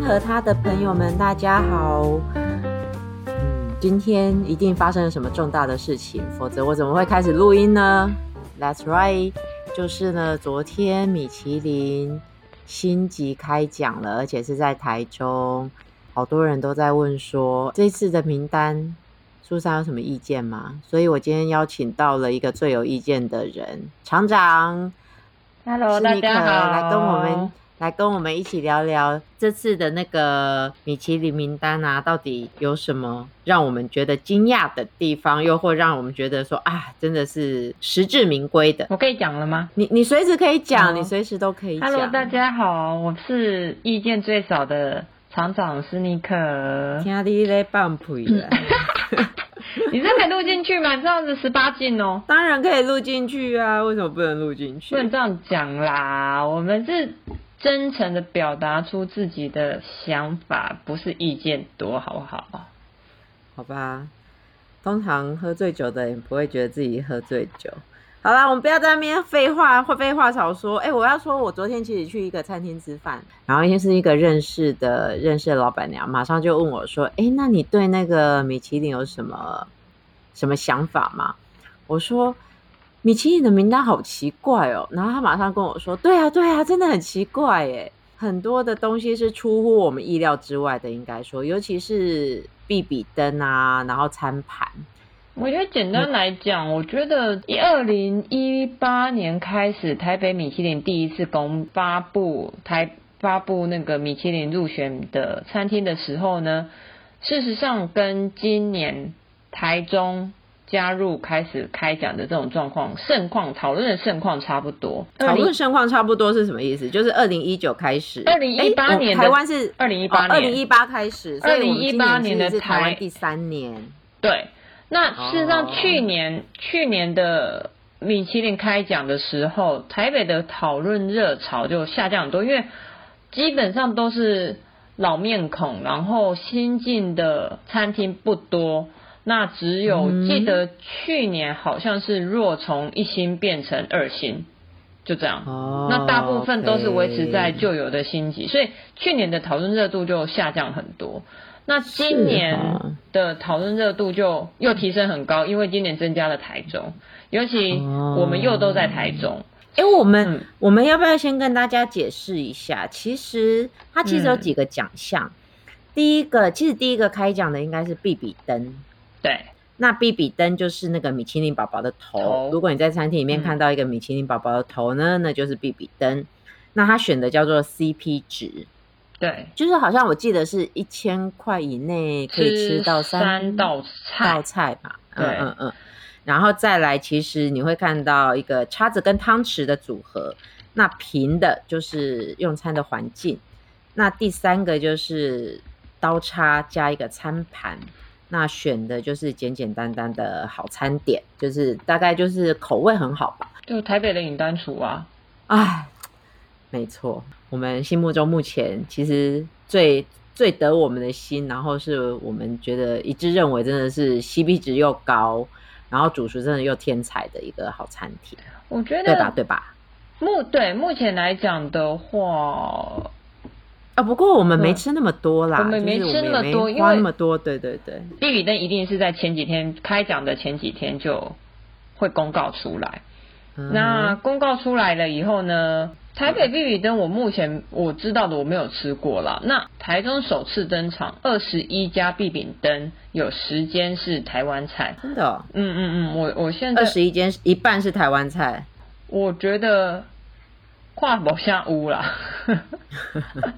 和他的朋友們，大家好。嗯，今天一定發生了什麼重大的事情，否則我怎麼會開始錄音呢？That's right，就是呢，昨天米其林星級開獎了，而且是在台中，好多人都在問說，這次的名單，蘇珊有什麼意見嗎？所以我今天邀請到了一個最有意見的人，廠長。Hello，是妮可，大家好。來來跟我們一起聊聊這次的那個米其林名單啊，到底有什麼讓我們覺得驚訝的地方，又或讓我們覺得說啊，真的是實至名歸的。我可以講了嗎？你你隨時可以講，哦、你隨時都可以講。Hello，大家好，我是意見最少的廠長斯尼克。聽你在放屁啦！ 你真可以錄進去嗎？這樣子十八禁哦。當然可以錄進去啊，為什麼不能錄進去？不能這樣講啦，我們是。真誠的表達出自己的想法，不是意見多，好不好？好吧，通常喝醉酒的人不會覺得自己喝醉酒。好啦，我們不要在那邊廢話，會廢話少說。誒，我要說，我昨天其實去一個餐廳吃飯，然後一天是一個認識的、認識的老板娘，馬上就問我說：“誒，那你對那個米其林有什麼什麼想法嗎？”我說。米其林的名單好奇怪哦，然後他馬上跟我說：“對啊，對啊，真的很奇怪耶。很多的東西是出乎我們意料之外的，應該說，尤其是必比登啊，然後餐盤。”我覺得簡單來講，嗯、我覺得一二零一八年開始，台北米其林第一次公發布台發布那個米其林入選的餐廳的時候呢，事實上跟今年台中。加入開始開獎的這種狀況盛況，討論的盛況差不多。討論盛況差不多是什麼意思？就是二零一九開始，二零一八年台灣是二零一八，二零一八開始，二零一八年的台灣第三年。對，那事實上去年好好好去年的米其林開獎的時候，台北的討論熱潮就下降很多，因為基本上都是老面孔，然後新進的餐廳不多。那只有、嗯、記得去年好像是若從一星變成二星，就這樣。哦，那大部分都是維持在舊有的星級，哦 okay，所以去年的討論熱度就下降很多。那今年的討論熱度就又提升很高，啊、因為今年增加了台中，尤其，哦、我們又都在台中。哎，我們、嗯、我們要不要先跟大家解釋一下？其實它其實有幾個獎項，嗯、第一個其實第一個開獎的應該是必比登。對，那必比登就是那個米其林寶寶的頭、哦。如果你在餐廳裡面看到一個米其林寶寶的頭呢，嗯、那就是必比登。那他選的叫做 CP 值，對，就是好像我記得是一千塊以內可以吃到三，吃三道菜吧？嗯嗯嗯。然後再來，其實你會看到一個叉子跟湯匙的組合。那平的就是用餐的環境。那第三個就是刀叉加一個餐盤。那選的就是簡簡單單的好餐點，就是大概就是口味很好吧，就台北的尹丹廚啊，哎，沒錯，我們心目中目前其實最最得我們的心，然後是我們覺得一致認為，真的是 CP 值又高，然後主廚真的又天才的一個好餐廳，我覺得對吧對吧，目對目前來講的話。啊、哦，不過我們沒吃那麼多啦，嗯，就是、我們沒吃那麼多，因為那麼多，對對對。必比登一定是在前幾天開獎的前幾天就會公告出來、嗯。那公告出來了以後呢，台北必比登我目前我知道的我沒有吃過啦。那台中首次登場二十一家必比登，有十間是台灣菜，真的、哦？嗯嗯嗯，我我現在二十一間一半是台灣菜，我覺得跨不下屋啦。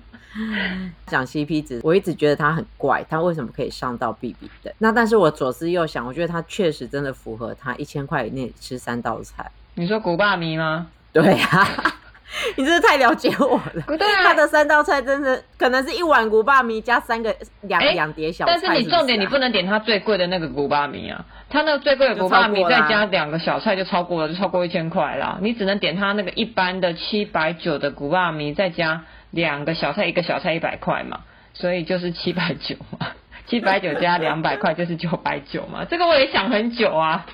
講 CP 值，我一直覺得他很怪，他為什麼可以上到必比登的？那但是我左思右想，我覺得他確實真的符合他一千塊以內吃三道菜。你說古巴米嗎？對呀、啊， 你真是太了解我了。他的三道菜真的可能是一碗古巴米加三個兩兩、欸、碟小菜，是是、啊。但是你重點你不能點他最貴的那個古巴米啊，他那個最貴的古巴米再加兩個小菜就超過了，就超過一千塊了。你只能點他那個一般的七百九的古巴米再加。兩個小菜，一個小菜一百塊嘛，所以就是七百九嘛，七百九加兩百塊就是九百九嘛，這個我也想很久啊。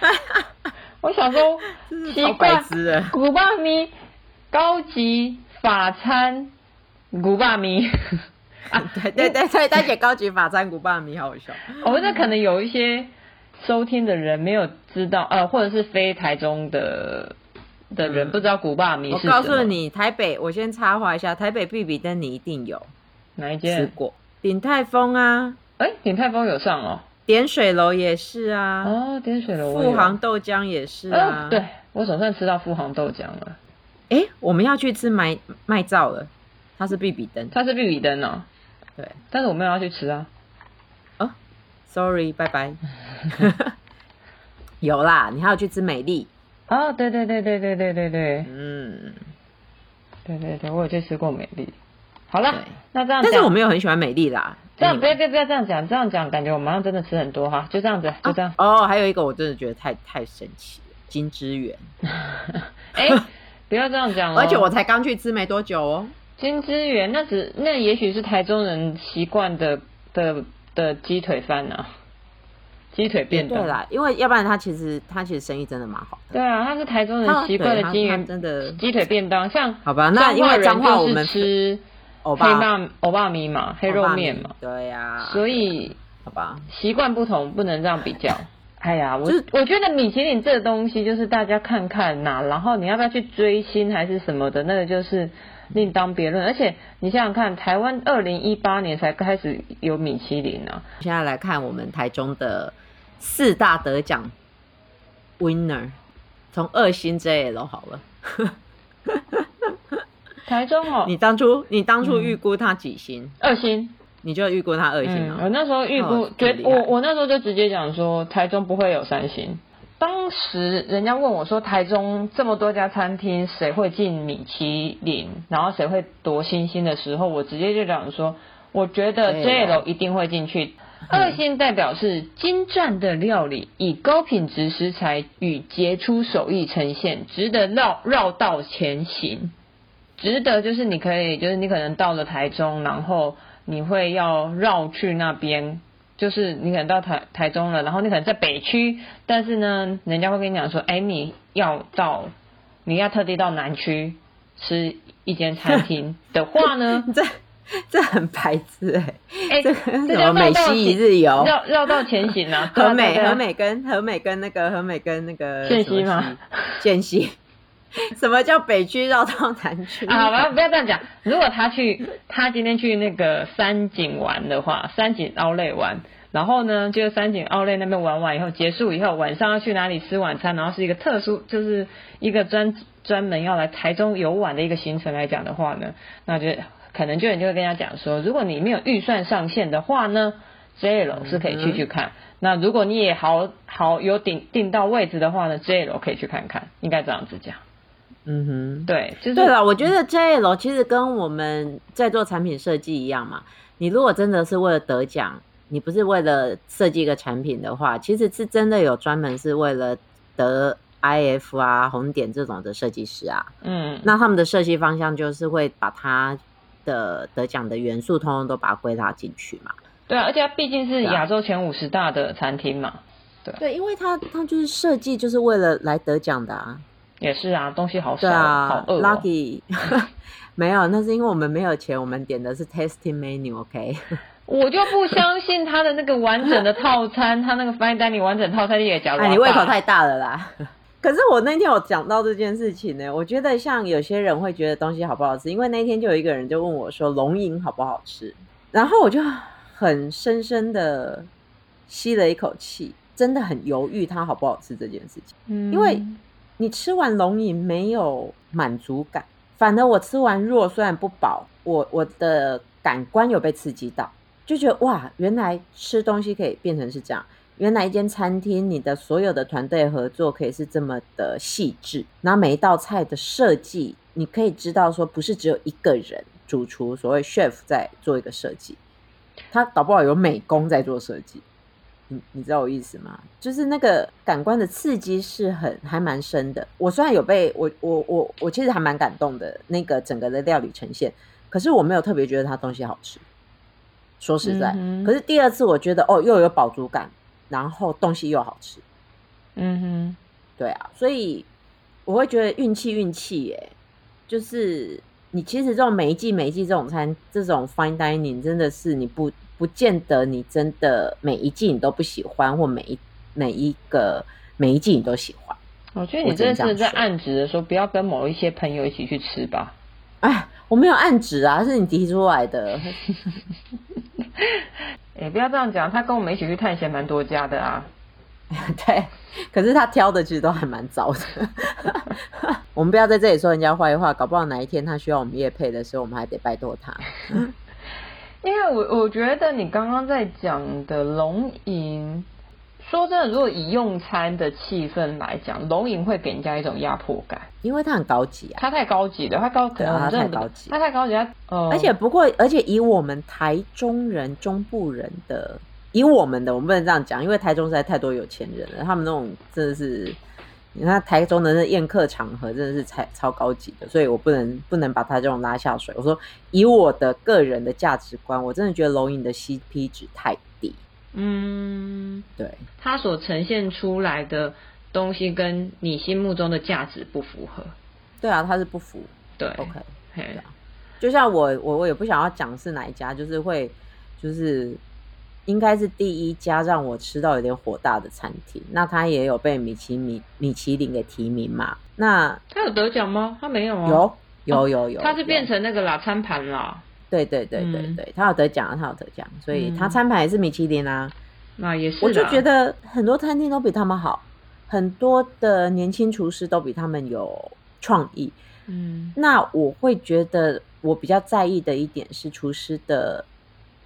我小時候，奇怪啊，古巴米高級法餐，古巴米啊，對對對對，所以大姐高級法餐古巴咪。好好笑。我覺得可能有一些收聽的人沒有知道，呃，或者是非台中的。的人不知道古巴米，嗯。我告訴你，台北，我先插話一下，台北必比登你一定有哪一間吃過？鼎泰豐啊，哎，欸，鼎泰豐有上哦。點水樓也是啊。哦，點水樓。阜杭豆漿也是啊，欸。對，我總算吃到阜杭豆漿了。哎，欸，我們要去吃麥麥兆，了，它是必比登，它是必比登哦。對，但是我們要去吃啊。哦，sorry，拜拜。 有啦，你還要去吃美麗。哦，對對對對對對對對，嗯，對對對，我有去吃過美麗。好了，那這樣，這樣，但是我沒有很喜歡美麗的啊這樣，不要不要這樣講，這樣講感覺我們好像真的吃很多哈，就這樣子，就這樣哦。哦，還有一個我真的覺得太太神奇了，金之園。哎、 欸， 不要這樣講，了而且我才剛去吃沒多久哦。金之園，那只那也許是台中人習慣的的的，的雞腿飯呢、啊。雞腿便當對啦，因為要不然他其實他其實生意真的蠻好的對啊，他是台中人習慣的經、啊、真的雞腿便當像好吧，那因為彰化人，就是吃歐巴歐巴米嘛，黑肉麵嘛。對呀、啊，所以好吧，習慣不同不能這樣比較。哎呀，我就我覺得米其林這個東西就是大家看看吶、啊，然後你要不要去追星還是什麼的，那個就是另當別論。而且你想想看，台灣二零一八年才開始有米其林呢、啊，現在來看我們台中的。四大得獎 winner，從二星 J L 好了， 台中哦。你當初你當初預估他幾星、嗯？二星，你就預估他二星嗎？嗯、我那時候預估，哦、覺我我那時候就直接講說，台中不會有三星。當時人家問我說，台中這麼多家餐廳，誰會進米其林，然後誰會奪星星的時候，我直接就講說，我覺得 J L 一定會進去。二星代表是精湛的料理，以高品質食材與傑出手藝呈現，值得繞繞道前行。值得就是你可以，就是你可能到了台中，然後你會要繞去那邊，就是你可能到台台中了，然後你可能在北區，但是呢，人家會跟你講說，艾、欸，你要到你要特地到南區吃一間餐廳的話呢。 這很白痴，欸，哎、欸！哎、這個，這叫美西一日遊，繞繞道前行啊。 和美、啊啊啊、和美跟和美跟那個和美跟那個線西嗎？線西。 什麼叫北區繞到南區？啊？好、啊、吧，不要這樣講。如果他去，他今天去那個三井玩的話，三井 Outlet 玩，然後呢，就是三井 Outlet 那邊玩完以後，結束以後晚上要去哪裡吃晚餐？然後是一個特殊，就是一個專專門要來台中遊玩的一個行程來講的話呢，那就。可能就人就會跟他講說，如果你沒有預算上限的話呢，J 樓是可以去去看。嗯、那如果你也好好有定，定到位置的話呢，J 樓可以去看看。應該這樣子講，嗯哼，對，其、就、實、是、對了。我覺得 J 樓其實跟我們在做產品設計一樣嘛。你如果真的是為了得獎，你不是為了設計一個產品的話，其實是真的有專門是為了得 IF 啊、紅點這種的設計師啊。嗯，那他們的設計方向就是會把它。的得獎的元素，通通都把它歸納進去嘛。對啊，而且它畢竟是亞洲前五十大的餐廳嘛。對、啊。對，對，因為它它就是設計就是為了來得獎的啊。也是啊，東西好少，啊、好餓、喔。Lucky， 沒有，那是因為我們沒有錢，我們點的是 Tasting Menu，OK、okay? 。我就不相信他的那個完整的套餐， 他那個 Fine Dining 完整套餐也給加哎、啊，你胃口太大了啦。 可是我那天我講到這件事情呢，欸，我覺得像有些人會覺得東西好不好吃，因為那天就有一個人就問我說：“龍吟好不好吃？”然後我就很深深的吸了一口氣，真的很猶豫它好不好吃這件事情。嗯，因為你吃完龍吟沒有滿足感，反而我吃完肉雖然不飽，我我的感官有被刺激到，就覺得哇，原來吃東西可以變成是這樣。原來一間餐廳，你的所有的團隊合作可以是這麼的細緻，然後每一道菜的設計，你可以知道說不是只有一個人主廚，所謂 chef 在做一個設計，他搞不好有美工在做設計。你你知道我意思嗎？就是那個感官的刺激是很還蠻深的。我雖然有被我我我我其實還蠻感動的那個整個的料理呈現，可是我沒有特別覺得它東西好吃。說實在，嗯、可是第二次我覺得哦又有飽足感。然後東西又好吃，嗯哼，對啊，所以我會覺得運氣運氣、欸，耶，就是你其實這種每一季每一季這種餐，這種 fine dining 真的是你不不見得你真的每一季你都不喜歡，或每一每一個每一季你都喜歡。我覺得你真的是在暗指的時候，不要跟某一些朋友一起去吃吧。哎，我沒有暗指啊，是你提出來的。 也、欸、不要這樣講，他跟我們一起去探險，蠻多家的啊。對，可是他挑的其實都還蠻糟的。 我們不要在這裡說人家壞話，搞不好哪一天他需要我們業配的時候，我們還得拜托他。 因為我我覺得你剛剛在講的龍吟。說真的，如果以用餐的氣氛來講，龍吟會給人家一種壓迫感，因為他很高級啊，他太高級了，他高，級、啊，他太高級，他太高級啊、嗯。而且不過，而且以我們台中人、中部人的，以我們的，我們不能這樣講，因為台中實在太多有錢人了，他們那種真的是，你看台中的那宴客場合真的是超超高級的，所以我不能不能把他這種拉下水。我說以我的個人的價值觀，我真的覺得龍吟的 CP 值太嗯，對，它所呈現出來的東西跟你心目中的價值不符合。對啊，它是不符。對，OK，對啊，就像我，我我也不想要講是哪一家，就是會，就是應該是第一家讓我吃到有點火大的餐廳。那它也有被米其米米其林給提名嘛？那它有得獎嗎？它沒有，、哦、有。有、哦、有有有，它是變成那個啦餐盤啦、啊。對對對對對，嗯、他有得獎啊，他有得獎，所以他餐牌是米其林啊。嗯、那也是，我就覺得很多餐廳都比他們好，很多的年輕廚師都比他們有創意。嗯，那我會覺得我比較在意的一點是廚師的，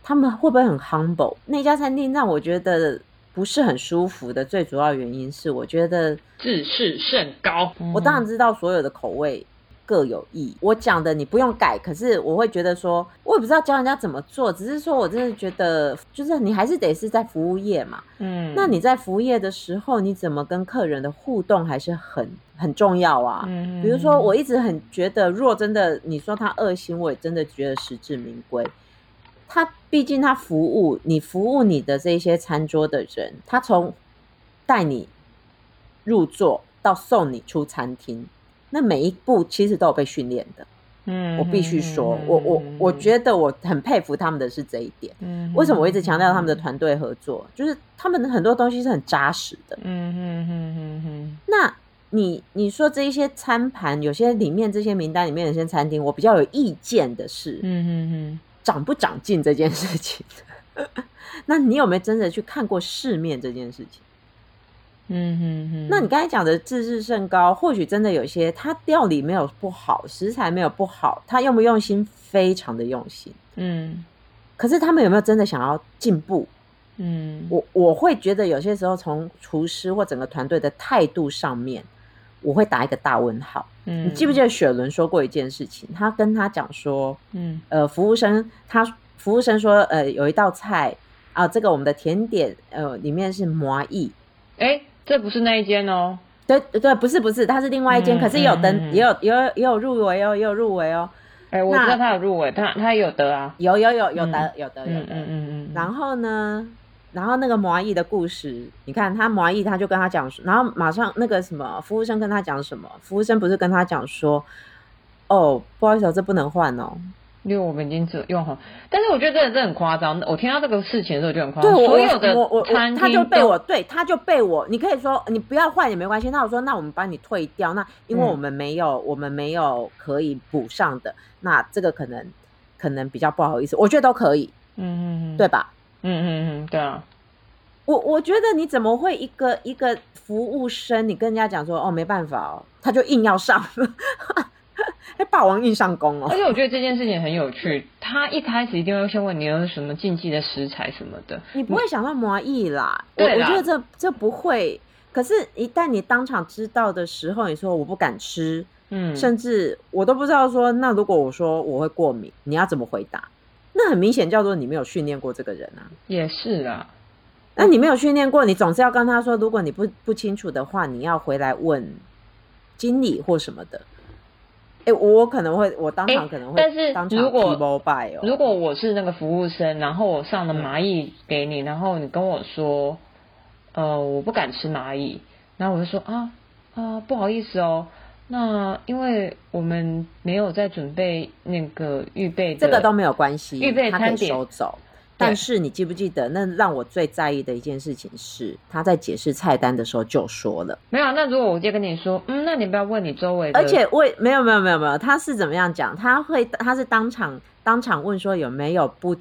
他們會不會很 humble？那家餐廳讓我覺得不是很舒服的最主要原因，是我覺得自視甚高。我當然知道所有的口味。嗯各有意義，我講的你不用改，可是我會覺得說，我也不知道教人家怎麼做，只是說我真的覺得，就是你還是得是在服務業嘛。嗯，那你在服務業的時候，你怎麼跟客人的互動還是很很重要啊。嗯，比如說，我一直很覺得，若真的你說他惡心，我也真的覺得實至名歸。他畢竟他服務你，服務你的這些餐桌的人，他從帶你入座到送你出餐廳。那每一步其實都有被訓練的，嗯，我必須說，我我我覺得我很佩服他們的是這一點。嗯，為什麼我一直強調他們的團隊合作？就是他們的很多東西是很扎實的。嗯嗯嗯嗯，那你你說這一些餐盤，有些裡面這些名單裡面有些餐廳，我比較有意見的是，嗯嗯嗯，長不長進這件事情。 那你有沒有真的去看過世面這件事情？嗯哼哼，那你剛才講的自視甚高，或許真的有些他料理沒有不好，食材沒有不好，他用不用心非常的用心，嗯，可是他們有沒有真的想要進步？嗯，我我會覺得有些時候從廚師或整個團隊的態度上面，我會打一個大問號。嗯，你記不記得雪倫說過一件事情？他跟他講說，嗯，呃，服務生他服務生說，呃，有一道菜啊，呃，這個我們的甜點，呃，裡面是魔芋，哎。這不是那一間哦，對對，不是不是，它是另外一間，嗯、可是也有燈、嗯嗯嗯，也有也有也有入圍哦，也有入圍哦。哎、欸，我知道他有入圍，他他有的啊，有有有有的有的有的。嗯，有的有的有的，嗯嗯，嗯，嗯。然後呢，然後那個魔翼的故事，你看他魔翼，他就跟他講，然後馬上那個什麼服務生跟他講什麼，服務生不是跟他講說，哦，不好意思、哦，我這不能換哦。因為我們已經只用好，但是我覺得真的這很誇張。我聽到這個事情的時候就很誇張。對，所有的我我，我，他就被我對，他就被我。你可以說你不要換也沒關係。那我說那我們幫你退掉。那因為我們沒有、嗯，我們沒有可以補上的。那這個可能可能比較不好意思。我覺得都可以，嗯嗯對吧？嗯嗯嗯，對啊。我我覺得你怎麼會一個一個服務生，你跟人家講說哦沒辦法哦，他就硬要上。 霸王硬上弓哦！而且我覺得這件事情很有趣，他一開始一定會先問你有什麼禁忌的食材什麼的，你不會想到魔芋啦。我對啦，我覺得這這不會。可是，一旦你當場知道的時候，你說我不敢吃，嗯，甚至我都不知道說，那如果我說我會過敏，你要怎麼回答？那很明顯叫做你沒有訓練過這個人啊。也是啦啊，那你沒有訓練過，你總是要跟他說，如果你不不清楚的話，你要回來問經理或什麼的。誒，我可能會，我當場可能會。但是，哦、如果如果我是那個服務生，然後我上了螞蟻給你，嗯，然後你跟我說，呃，我不敢吃螞蟻，然後我就說啊啊，不好意思哦，那因為我們沒有在準備那個預備的預備，這個都沒有關係，預備餐點收走。但是你記不記得，那讓我最在意的一件事情是，他在解釋菜單的時候就說了，沒有。那如果我就跟你說，嗯，那你不要問你周圍的，而且為沒有沒有沒有沒有，他是怎麼樣講？他會他是當場當場問說有沒有不，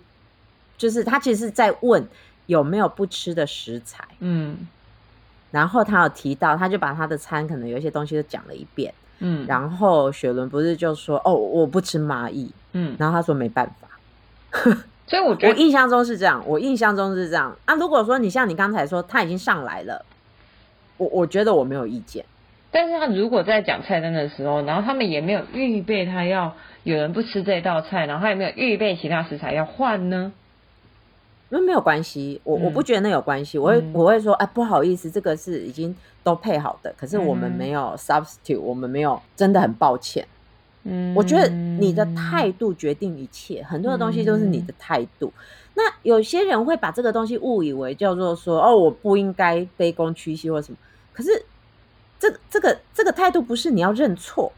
就是他其實是在問有沒有不吃的食材，嗯。然後他有提到，他就把他的餐可能有一些東西都講了一遍，嗯。然後雪倫不是就說哦，我不吃螞蟻，嗯。然後他說沒辦法。 所以我覺得我印象中是這樣，我印象中是這樣啊。如果說你像你剛才說他已經上來了，我我覺得我沒有意見。但是他如果在講菜單的時候，然後他們也沒有預備他要有人不吃這道菜，然後他也沒有預備其他食材要換呢？那沒有關係。我、嗯、我不覺得那有關係。我會、嗯、我會說，啊、呃，不好意思，這個是已經都配好的，可是我們沒有 substitute，嗯、我們沒有，真的很抱歉。嗯，我覺得你的態度決定一切，嗯，很多的東西都是你的態度，嗯。那有些人會把這個東西誤以為叫做說，哦，我不應該卑躬屈膝或什麼。可是這個這個這個態度不是你要認錯，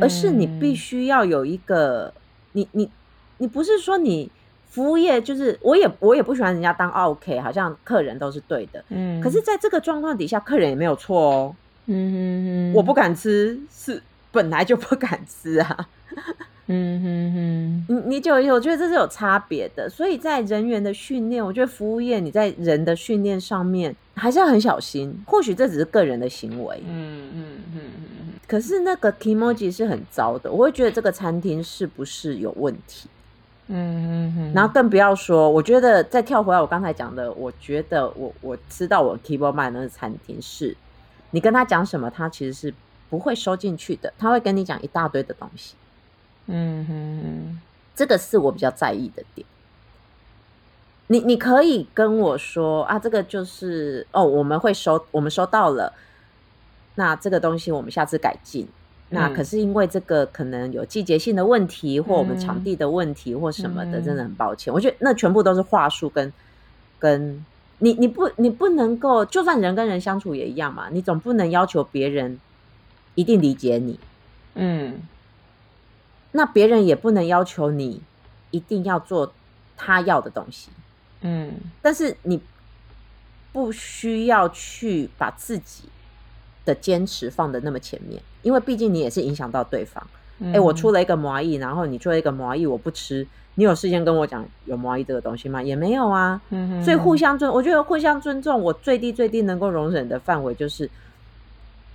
而是你必須要有一個，嗯、你你你不是說你服務業就是，我也我也不喜歡人家當 OK，好像客人都是對的。嗯，可是在這個狀況底下，客人也沒有錯哦、嗯哼哼。我不敢吃是。本來就不敢吃啊， 嗯哼哼，你你有有，我覺得這是有差別的，所以在人員的訓練，我覺得服務業你在人的訓練上面還是要很小心。或許這只是個人的行為，嗯嗯嗯,嗯,嗯,嗯可是那個 kimochi 是很糟的，我會覺得這個餐廳是不是有問題？嗯嗯嗯。然後更不要說，我覺得再跳回來，我剛才講的，我覺得我我知道我 keep on 賣那個餐廳是你跟他講什麼，他其實是。不會收進去的，他會跟你講一大堆的東西。嗯哼，哼，這個是我比較在意的點。你你可以跟我說啊，這個就是哦，我們會收，我們收到了。那這個東西我們下次改進，嗯。那可是因為這個可能有季節性的問題，或我們場地的問題，或什麼的，嗯，真的很抱歉。我覺得那全部都是話術跟跟你你不你不能夠，就算人跟人相處也一樣嘛，你總不能要求別人一定理解你，嗯，那別人也不能要求你一定要做他要的東西，嗯，但是你不需要去把自己的堅持放在那麼前面，因為畢竟你也是影響到對方。哎、嗯欸，我出了一個摩芋，然後你出了一個摩芋，我不吃，你有事先跟我講有摩芋這個東西嗎？也沒有啊。嗯嗯嗯，所以互相尊，我覺得互相尊重，我最低最低能夠容忍的範圍就是，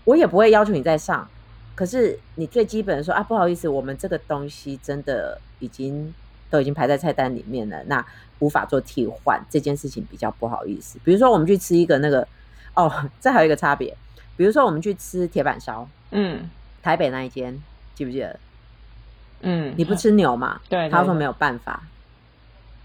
我也不會要求你再上，可是你最基本的說啊，不好意思，我們這個東西真的已經都已經排在菜單裡面了，那無法做替換這件事情比較不好意思。比如說我們去吃一個那個，哦，這還有一個差別，比如說我們去吃鐵板燒，嗯，台北那一間，記不記得？嗯，你不吃牛嘛？對，他說沒有辦法。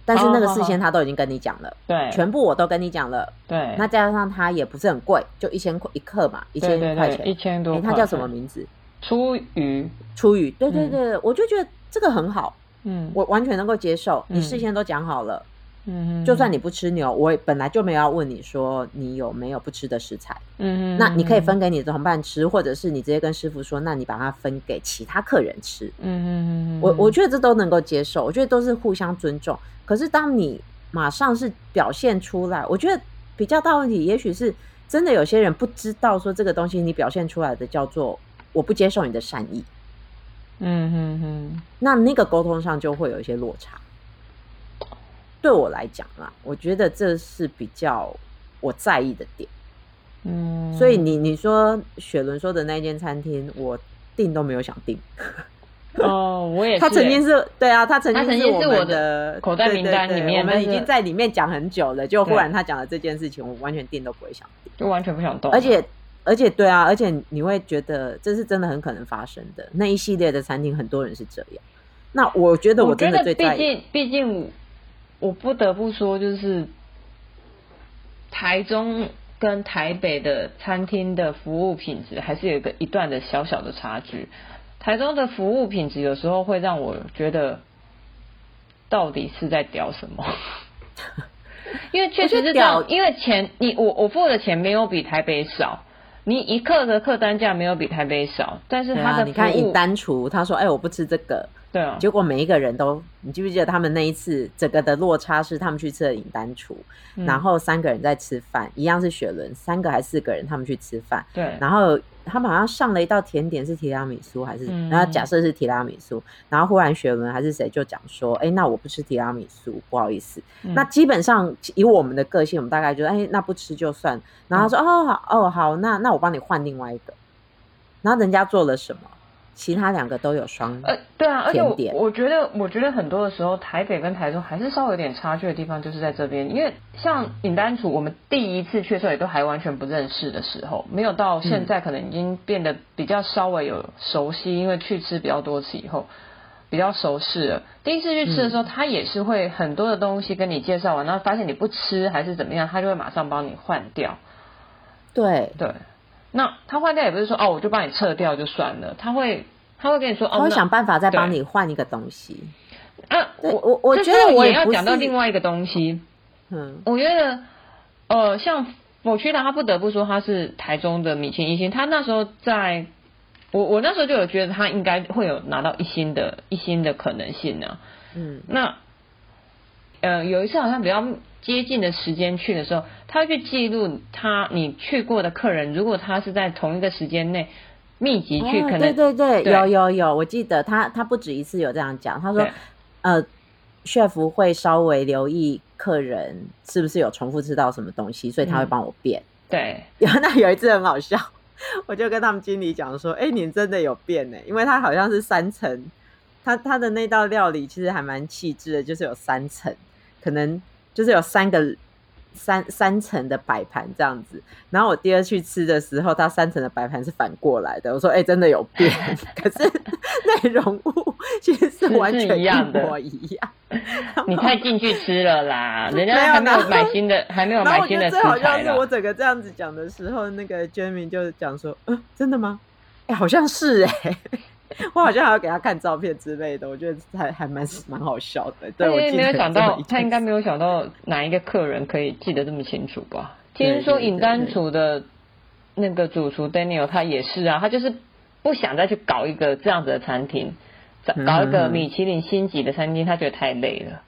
但是那個事先他都已經跟你講了，對、oh, oh,，oh, oh. 全部我都跟你講了，對。那加上他也不是很貴，就一千塊一克嘛，對對對一千塊錢對對對，一千多，欸。他叫什麼名字？初雨初雨對對對，嗯，我就覺得這個很好，嗯，我完全能夠接受，你事先都講好了。嗯嗯， 就算你不吃牛，我也本來就沒有要問你說你有沒有不吃的食材。嗯 那你可以分給你的同伴吃，或者是你直接跟師傅說，那你把它分給其他客人吃。嗯 我我覺得這都能夠接受，我覺得都是互相尊重。可是當你馬上是表現出來，我覺得比較大問題，也許是真的有些人不知道說這個東西你表現出來的叫做我不接受你的善意。嗯 那那個溝通上就會有一些落差。對我來講啊，我覺得這是比較我在意的點，嗯，所以你你說雪倫說的那間餐廳，我訂都沒有想訂。 哦，我也是、欸、他曾經是對啊，他曾經是我們的，他曾經是我的口袋名單裡面，對對對，我們已經在裡面講很久了，就忽然他講了這件事情，我完全訂都不會想，就完全不想動、啊。而且而且對啊，而且你會覺得這是真的很可能發生的。的那一系列的餐廳，很多人是這樣。那我覺得我真的最在意，畢竟。我不得不說，就是台中跟台北的餐廳的服務品質還是有一個一段的小小的差距。台中的服務品質有時候會讓我覺得，到底是在屌什麼？因為確,確實屌，因為錢你我我付的錢沒有比台北少，你一客的客單價沒有比台北少，但是他的服務你看一單廚他說：“哎，我不吃這個。”對、哦，結果每一個人都，你記不記得他們那一次整個的落差是他們去隱丹廚、嗯，然後三個人在吃飯，一樣是雪倫，三個還是四個人他們去吃飯，對，然後他們好像上了一道甜點是提拉米蘇還是、嗯，然後假設是提拉米蘇，然後忽然雪倫還是誰就講說，哎，那我不吃提拉米蘇，不好意思，嗯、那基本上以我們的個性，我們大概就說，哎，那不吃就算，然後說，哦、嗯、好，哦，哦好，那那我幫你換另外一個，然後人家做了什麼？其他兩個都有雙呃，對啊，而且我，我覺得，我覺得很多的時候，台北跟台中還是稍微有點差距的地方，就是在這邊，因為像隱丹廚我們第一次去的時候也都還完全不認識的時候，沒有到現在可能已經變得比較稍微有熟悉，嗯、因為去吃比較多次以後比較熟悉了。第一次去吃的時候，他、嗯、也是會很多的東西跟你介紹完，然後發現你不吃還是怎麼樣，他就會馬上幫你換掉。對對。那他換掉也不是說哦，我就幫你撤掉就算了，他會他會跟你說哦，我會想辦法再幫你換一個東西。那、啊、我我我覺得我也要講到另外一個東西。嗯，我覺得呃，像某區長，他不得不說他是台中的米其林一星，他那時候在，我我那時候就有覺得他應該會有拿到一星的一星的可能性呢、啊。嗯，那呃有一次好像比較接近的時間去的時候，他去記錄他你去過的客人，如果他是在同一個時間內密集去，可能、哦、對對對，對，有有有，我記得他他不止一次有這樣講，他說呃，Chef 會稍微留意客人是不是有重複吃到什麼東西，所以他會幫我變、嗯。對，然 後那有一次很好笑，我就跟他們經理講說：“哎、欸，你真的有變呢？因為他好像是三層，他他的那道料理其實還蠻氣質的，就是有三層，可能。”就是有三個三三層的擺盤這樣子，然後我第二次去吃的時候，它三層的擺盤是反過來的。我說：“哎、欸，真的有變？” 可是內容物其實是完全一模一樣，是是一樣的，一樣。你太進去吃了啦， 人家還沒有買新的，沒然後還沒有買新的。然後我覺得最好像是我整個這樣子講的時候，那個 Jamie 就講說：“嗯，真的嗎？哎、欸，好像是哎、欸。” 我好像還要給他看照片之類的，我覺得還還蠻蠻好笑的。對，我也沒有想到，他應該沒有想到哪一個客人可以記得這麼清楚吧？聽說隱丹廚的那個主廚 Daniel，他也是啊，他就是不想再去搞一個這樣子的餐廳、嗯，搞一個米其林星級的餐廳，他覺得太累了。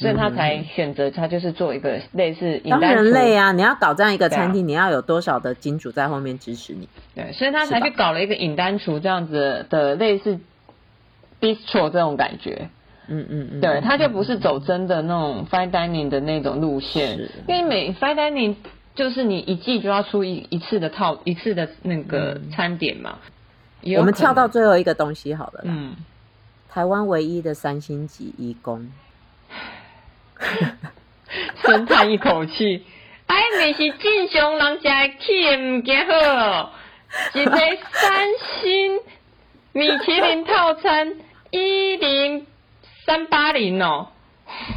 所以他才選擇，他就是做一個類似單，當然累啊，你要搞這樣一個餐廳，你要有多少的金主在後面支持你？對，所以他才去搞了一個隱丹廚這樣子的類似 bistro 這種感覺。嗯嗯嗯，對，他就不是走真的那種 fine dining 的那種路線，因為每 fine dining 就是你一季就要出一一次的套，嗯、一次的那個餐點嘛。我們跳到最後一個東西好了啦，嗯，台灣唯一的三星級頤宮。 深嘆一口氣，哎、 啊，你是正常人吃的東西， 一個三星米其林套餐一零三八零哦，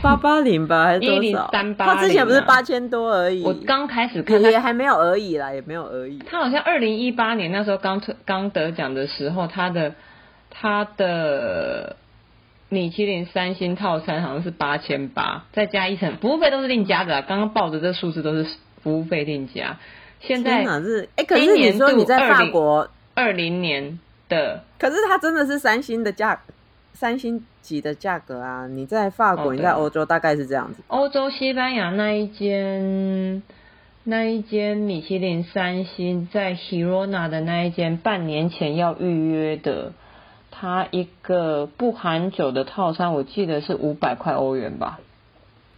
八八零吧，還是多少，一零三八零啊？他之前不是八千多而已，我剛開始看也還沒有而已啦，也沒有而已。他好像二零一八年那時候剛剛得獎的時候，他的他的。米其林三星套餐好像是八千八，再加一層服務費都是另加的。剛剛報的這數字都是服務費另加。現在呢，是哎、欸，可是你說你在法國二零年的，可是它真的是三星的價，三星級的價格啊！你在法國，哦、你在歐洲大概是這樣子。歐洲西班牙那一間，那一間米其林三星在希羅納的那一間，半年前要預約的。他一個不含酒的套餐，我記得是五百塊歐元吧，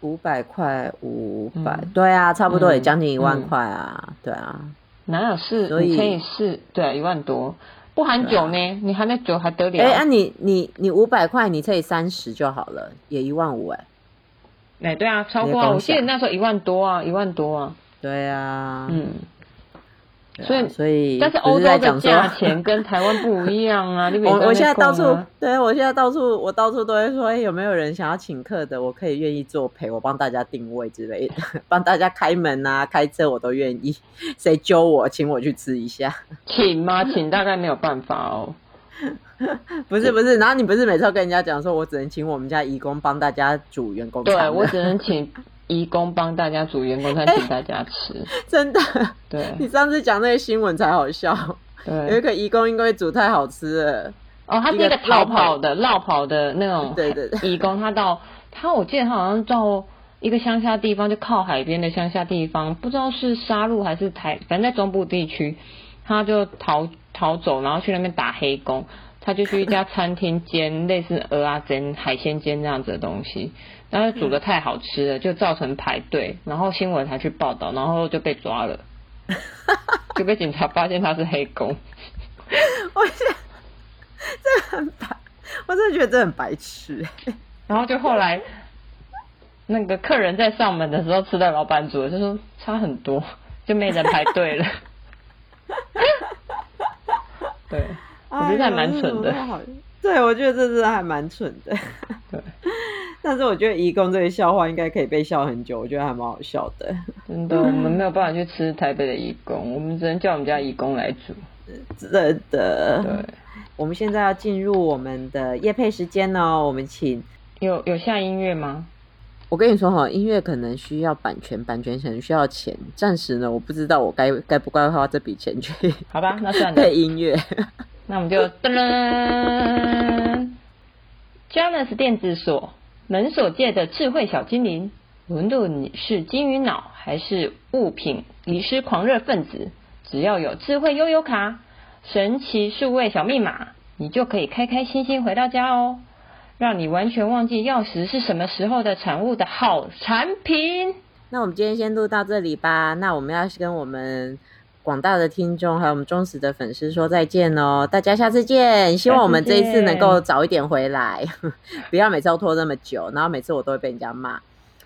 五百塊，五百、嗯，對啊，差不多也將近一萬塊啊、嗯嗯，對啊，哪有四所以乘以四對、啊，一萬多，不含酒呢？啊、你含了酒還得了？哎、欸啊，你你你五百塊，你可以三十就好了，也一萬五哎，哎、欸，對啊，超過我記得那時候一萬多啊，一萬多啊，對啊，嗯。所以、啊，所以，但是歐洲的錢跟台灣不一樣啊！ 我我現在到處， 對，我現在到處，我到處都會說，哎、欸，有沒有人想要請客的？我可以願意作陪，我幫大家訂位之類的，幫 大家開門啊，開車我都願意。誰揪我，請我去吃一下， 請嗎？請，大概沒有辦法哦。 不是不是，然後你不是每次都跟人家講說，我只能請我們家移工幫大家煮員工餐的，對我只能請。義工幫大家煮員工餐，欸，請大家吃。真的，對。你上次講那個新聞才好笑。對。有一個移工，因為煮太好吃了。哦，他是一個逃跑的，落跑的那種。對對移工，他到他，我記得他好像到一個鄉下地方，就靠海邊的鄉下的地方，不知道是沙鹿還是台，反正在中部地區。他就逃逃走，然後去那邊打黑工。他就去一家餐廳煎 類似蚵仔煎、海鮮煎這樣子的東西。然後煮得太好吃了，嗯、就造成排隊，然後新聞才去報道，然後就被抓了， 就被警察發現他是黑工。 我現在真的很白，我真的覺得這很白痴。然後就後來，那個客人在上門的時候吃到老板煮的，就說差很多，就沒人排隊了。 對，我覺得還蠻蠢的。哎 對，我覺得這是還蠻蠢的。對，但是我覺得義工這個笑話應該可以被笑很久，我覺得還蠻好笑的。真的、嗯，我們沒有辦法去吃台北的義工，我們只能叫我們家義工來煮。真的。對，我們現在要進入我們的業配時間哦。我們請有有下音樂嗎？我跟你說哈，音樂可能需要版權，版權可能需要錢。暫時呢，我不知道我該該不該花這筆錢去。好吧，那算了。配音樂。 那我們就噔噔 Janus 電子鎖，門鎖界的智慧小精靈。無論你是金魚腦還是物品遺失狂熱分子，只要有智慧悠遊卡、神奇數位小密碼，你就可以開開心心回到家哦、喔，讓你完全忘記鑰匙是什麼時候的產物的好產品。那我們今天先錄到這裡吧。那我們要跟我們。廣大的聽眾還有我們忠實的粉絲說再見哦，大家下次見。希望我們這一次能夠早一點回來， 不要每次都拖那麼久，然後每次我都會被人家罵，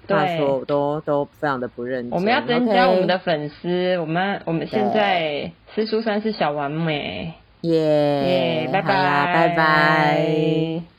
他說我都都非常的不認真。我們要增加、okay、我們的粉絲，我們我們現在吃蔬，算是小完美，耶、yeah, 耶、yeah,，拜拜拜拜。